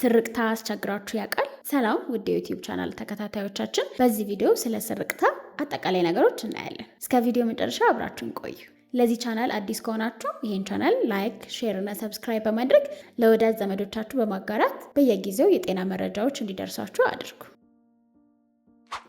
ስርቅታ አስቸግራችሁ ያውቃል? ሰላም ውድ የዩቲዩብ ቻናል ተከታታዮቻችን፣ በዚህ ቪዲዮ ስለ ስርቅታ አጠቃላይ ነገሮች እናያለን። እስከ ቪዲዮ መጨረሻ አብራችሁን ቆዩ። ለዚህ ቻናል አዲስ ከሆናችሁ ይህን ቻናል ላይክ፣ ሼር እና ሰብስክራይብ በማድረግ ለወዳጅ ዘመዶቻችሁ በማጋራት በየጊዜው የጤና መረጃዎች እንዲደርሳችሁ አድርጉ።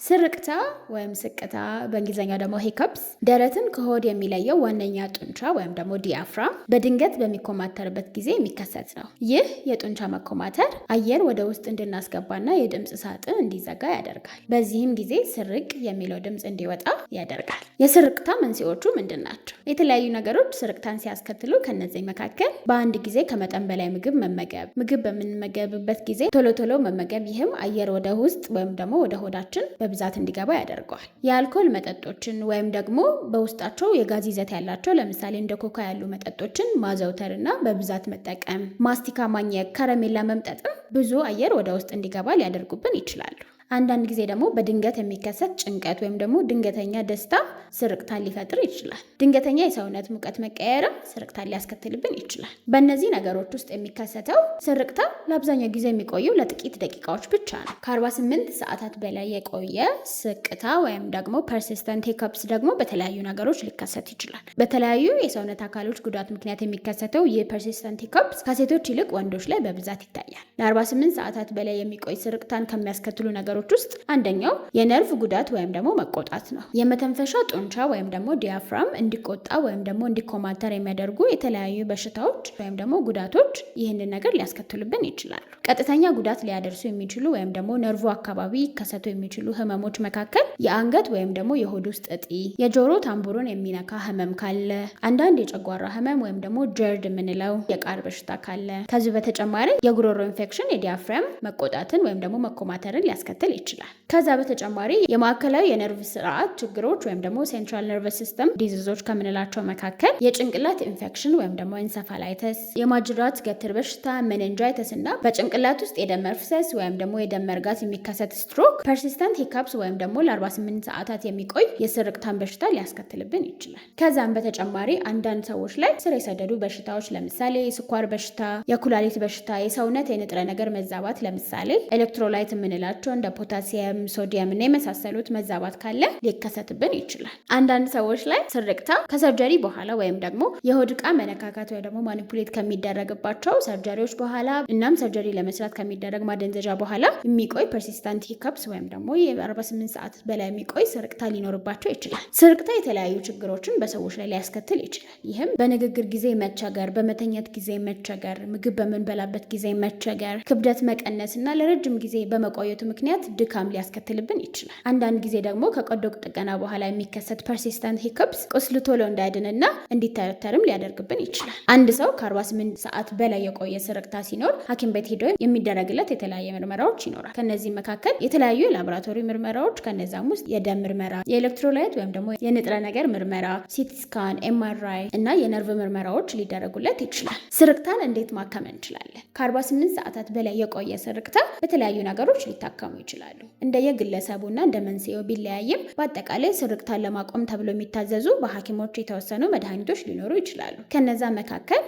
ስርቅታ ወይም ስቅታ በእንግሊዝኛው ደግሞ ሂከፕስ ደረትን ከሆድ የሚለየው ዋነኛ ጡንቻ ወይም ደግሞ ዲያፍራ በድንገት በሚኮማተርበት ጊዜ የሚከሰት ነው። ይህ የጡንቻ መኮማተር አየር ወደ ውስጥ እንድናስገባና የድምፅ ሳጥን እንዲዘጋ ያደርጋል። በዚህም ጊዜ ስርቅ የሚለው ድምፅ እንዲወጣ ያደርጋል። የስርቅታ መንስኤዎቹ ምንድን ናቸው? የተለያዩ ነገሮች ስርቅታን ሲያስከትሉ ከነዚህ መካከል በአንድ ጊዜ ከመጠን በላይ ምግብ መመገብ፣ ምግብ በምንመገብበት ጊዜ ቶሎ ቶሎ መመገብ፣ ይህም አየር ወደ ውስጥ ወይም ደግሞ ወደ ሆዳችን በብዛት እንዲገባ ያደርገዋል። የአልኮል መጠጦችን ወይም ደግሞ በውስጣቸው የጋዝ ይዘት ያላቸው ለምሳሌ እንደ ኮካ ያሉ መጠጦችን ማዘውተር በብዛት መጠቀም፣ ማስቲካ ማኘክ፣ ከረሜላ መምጠጥም ብዙ አየር ወደ ውስጥ እንዲገባ ሊያደርጉብን ይችላሉ። አንዳንድ ጊዜ ደግሞ በድንገት የሚከሰት ጭንቀት ወይም ደግሞ ድንገተኛ ደስታ ስርቅታን ሊፈጥር ይችላል። ድንገተኛ የሰውነት ሙቀት መቀየርም ስርቅታን ሊያስከትልብን ይችላል። በእነዚህ ነገሮች ውስጥ የሚከሰተው ስርቅታ ለአብዛኛው ጊዜ የሚቆየው ለጥቂት ደቂቃዎች ብቻ ነው። ከ48 ሰዓታት በላይ የቆየ ስቅታ ወይም ደግሞ ፐርሲስተንት ፕስ ደግሞ በተለያዩ ነገሮች ሊከሰት ይችላል። በተለያዩ የሰውነት አካሎች ጉዳት ምክንያት የሚከሰተው ይህ ፐርሲስተንት ከሴቶች ይልቅ ወንዶች ላይ በብዛት ይታያል። ለ48 ሰዓታት በላይ የሚቆይ ስርቅታን ከሚያስከትሉ ነገሮች ነገሮች ውስጥ አንደኛው የነርቭ ጉዳት ወይም ደግሞ መቆጣት ነው። የመተንፈሻ ጡንቻ ወይም ደግሞ ዲያፍራም እንዲቆጣ ወይም ደግሞ እንዲኮማተር የሚያደርጉ የተለያዩ በሽታዎች ወይም ደግሞ ጉዳቶች ይህንን ነገር ሊያስከትሉብን ይችላሉ። ቀጥተኛ ጉዳት ሊያደርሱ የሚችሉ ወይም ደግሞ ነርቭ አካባቢ ይከሰቱ የሚችሉ ህመሞች መካከል የአንገት ወይም ደግሞ የሆድ ውስጥ እጢ፣ የጆሮ ታምቡሩን የሚነካ ህመም ካለ፣ አንዳንድ የጨጓራ ህመም ወይም ደግሞ ጀርድ የምንለው የቃር በሽታ ካለ፣ ከዚህ በተጨማሪ የጉሮሮ ኢንፌክሽን የዲያፍራም መቆጣትን ወይም ደግሞ መኮማተርን ሊያስከትል ሊከተል ይችላል። ከዛ በተጨማሪ የማዕከላዊ የነርቭ ስርዓት ችግሮች ወይም ደግሞ ሴንትራል ነርቭ ሲስተም ዲዚዞች ከምንላቸው መካከል የጭንቅላት ኢንፌክሽን ወይም ደግሞ ኢንሰፋላይተስ፣ የማጅራት ገትር በሽታ፣ መንንጃይተስ እና በጭንቅላት ውስጥ የደም መፍሰስ ወይም ደግሞ የደም መርጋት የሚከሰት ስትሮክ፣ ፐርሲስተንት ሂካፕስ ወይም ደግሞ ለ48 ሰዓታት የሚቆይ የስርቅታን በሽታ ሊያስከትልብን ይችላል። ከዛም በተጨማሪ አንዳንድ ሰዎች ላይ ስር የሰደዱ በሽታዎች ለምሳሌ የስኳር በሽታ፣ የኩላሊት በሽታ፣ የሰውነት የንጥረ ነገር መዛባት ለምሳሌ ኤሌክትሮላይት የምንላቸው እንደ ፖታሲየም፣ ሶዲየም እና የመሳሰሉት መዛባት ካለ ሊከሰትብን ይችላል። አንዳንድ ሰዎች ላይ ስርቅታ ከሰርጀሪ በኋላ ወይም ደግሞ የሆድ ዕቃ መነካካት ወይ ደግሞ ማኒፑሌት ከሚደረግባቸው ሰርጀሪዎች በኋላ እናም ሰርጀሪ ለመስራት ከሚደረግ ማደንዘዣ በኋላ የሚቆይ ፐርሲስታንት ሂከፕስ ወይም ደግሞ የ48 ሰዓት በላይ የሚቆይ ስርቅታ ሊኖርባቸው ይችላል። ስርቅታ የተለያዩ ችግሮችን በሰዎች ላይ ሊያስከትል ይችላል። ይህም በንግግር ጊዜ መቸገር፣ በመተኛት ጊዜ መቸገር፣ ምግብ በምንበላበት ጊዜ መቸገር፣ ክብደት መቀነስ እና ለረጅም ጊዜ በመቆየቱ ምክንያት ድካም ሊያስከትልብን ይችላል። አንዳንድ ጊዜ ደግሞ ከቀዶ ጥገና በኋላ የሚከሰት ፐርሲስተንት ሂክፕስ ቁስሉ ቶሎ እንዳያድንና እንዲተረተርም ሊያደርግብን ይችላል። አንድ ሰው ከ48 ሰዓት በላይ የቆየ ስርቅታ ሲኖር ሐኪም ቤት ሄዶ የሚደረግለት የተለያየ ምርመራዎች ይኖራል። ከነዚህ መካከል የተለያዩ የላቦራቶሪ ምርመራዎች ከነዛም ውስጥ የደም ምርመራ፣ የኤሌክትሮላይት ወይም ደግሞ የንጥረ ነገር ምርመራ፣ ሲቲስካን፣ ስካን፣ ኤምአርአይ እና የነርቭ ምርመራዎች ሊደረጉለት ይችላል። ስርቅታን እንዴት ማከም እንችላለን? ከ48 ሰዓታት በላይ የቆየ ስርቅታ በተለያዩ ነገሮች ሊታከሙ ይችላል። ይችላሉ። እንደየ ግለሰቡና እንደ መንስኤው ቢለያይም በአጠቃላይ ስርቅታን ለማቆም ተብሎ የሚታዘዙ በሐኪሞች የተወሰኑ መድኃኒቶች ሊኖሩ ይችላሉ። ከነዛ መካከል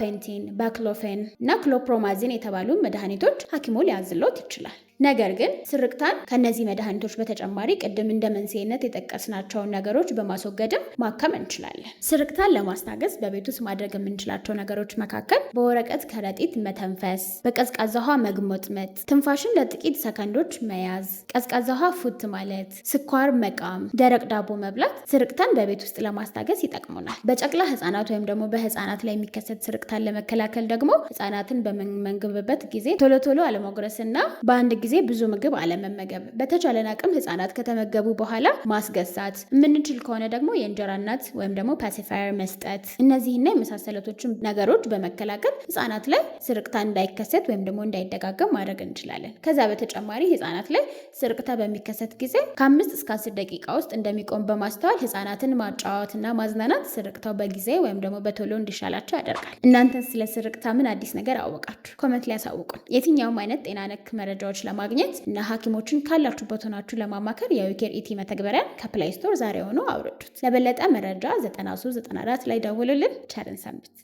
ፔንቲን፣ ባክሎፌን እና ክሎፕሮማዚን የተባሉ መድኃኒቶች ሐኪሙ ሊያዝሎት ይችላል። ነገር ግን ስርቅታን ከነዚህ መድኃኒቶች በተጨማሪ ቅድም እንደ መንስኤነት የጠቀስናቸውን ነገሮች በማስወገድም ማከም እንችላለን። ስርቅታን ለማስታገስ በቤት ውስጥ ማድረግ የምንችላቸው ነገሮች መካከል በወረቀት ከረጢት መተንፈስ፣ በቀዝቃዛ ውሃ መግሞጥመጥ፣ ትንፋሽን ለጥቂት ሰከንዶች መያዝ፣ ቀዝቃዛ ውሃ ፉት ማለት፣ ስኳር መቃም፣ ደረቅ ዳቦ መብላት ስርቅታን በቤት ውስጥ ለማስታገስ ይጠቅሙናል። በጨቅላ ህጻናት ወይም ደግሞ በህጻናት ላይ የሚከሰት ስርቅታን ለመከላከል ደግሞ ህጻናትን በምንመግብበት ጊዜ ቶሎ ቶሎ አለመጉረስና በአንድ ጊዜ ብዙ ምግብ አለመመገብ፣ በተቻለን አቅም ህጻናት ከተመገቡ በኋላ ማስገሳት፣ የምንችል ከሆነ ደግሞ የእንጀራ እናት ወይም ደግሞ ፓሲፋየር መስጠት፣ እነዚህና የመሳሰለቶችን ነገሮች በመከላከል ህጻናት ላይ ስርቅታ እንዳይከሰት ወይም ደግሞ እንዳይደጋገም ማድረግ እንችላለን። ከዛ በተጨማሪ ህጻናት ላይ ስርቅታ በሚከሰት ጊዜ ከአምስት እስከ አስር ደቂቃ ውስጥ እንደሚቆም በማስተዋል ህጻናትን ማጫወትና ማዝናናት ስርቅታው በጊዜ ወይም ደግሞ በቶሎ እንዲሻላቸው ያደርጋል። እናንተን ስለ ስርቅታ ምን አዲስ ነገር አወቃችሁ? ኮመንት ላይ ያሳውቁን። የትኛውም አይነት ጤና ነክ መረጃዎች ለማግኘት እና ሐኪሞችን ካላችሁበት ሆናችሁ ለማማከር የዩኬር ኢቲ መተግበሪያን ከፕላይ ስቶር ዛሬ ሆኖ አውርዱት። ለበለጠ መረጃ 9394 ላይ ደውሉልን። ቸርን ሰንብት።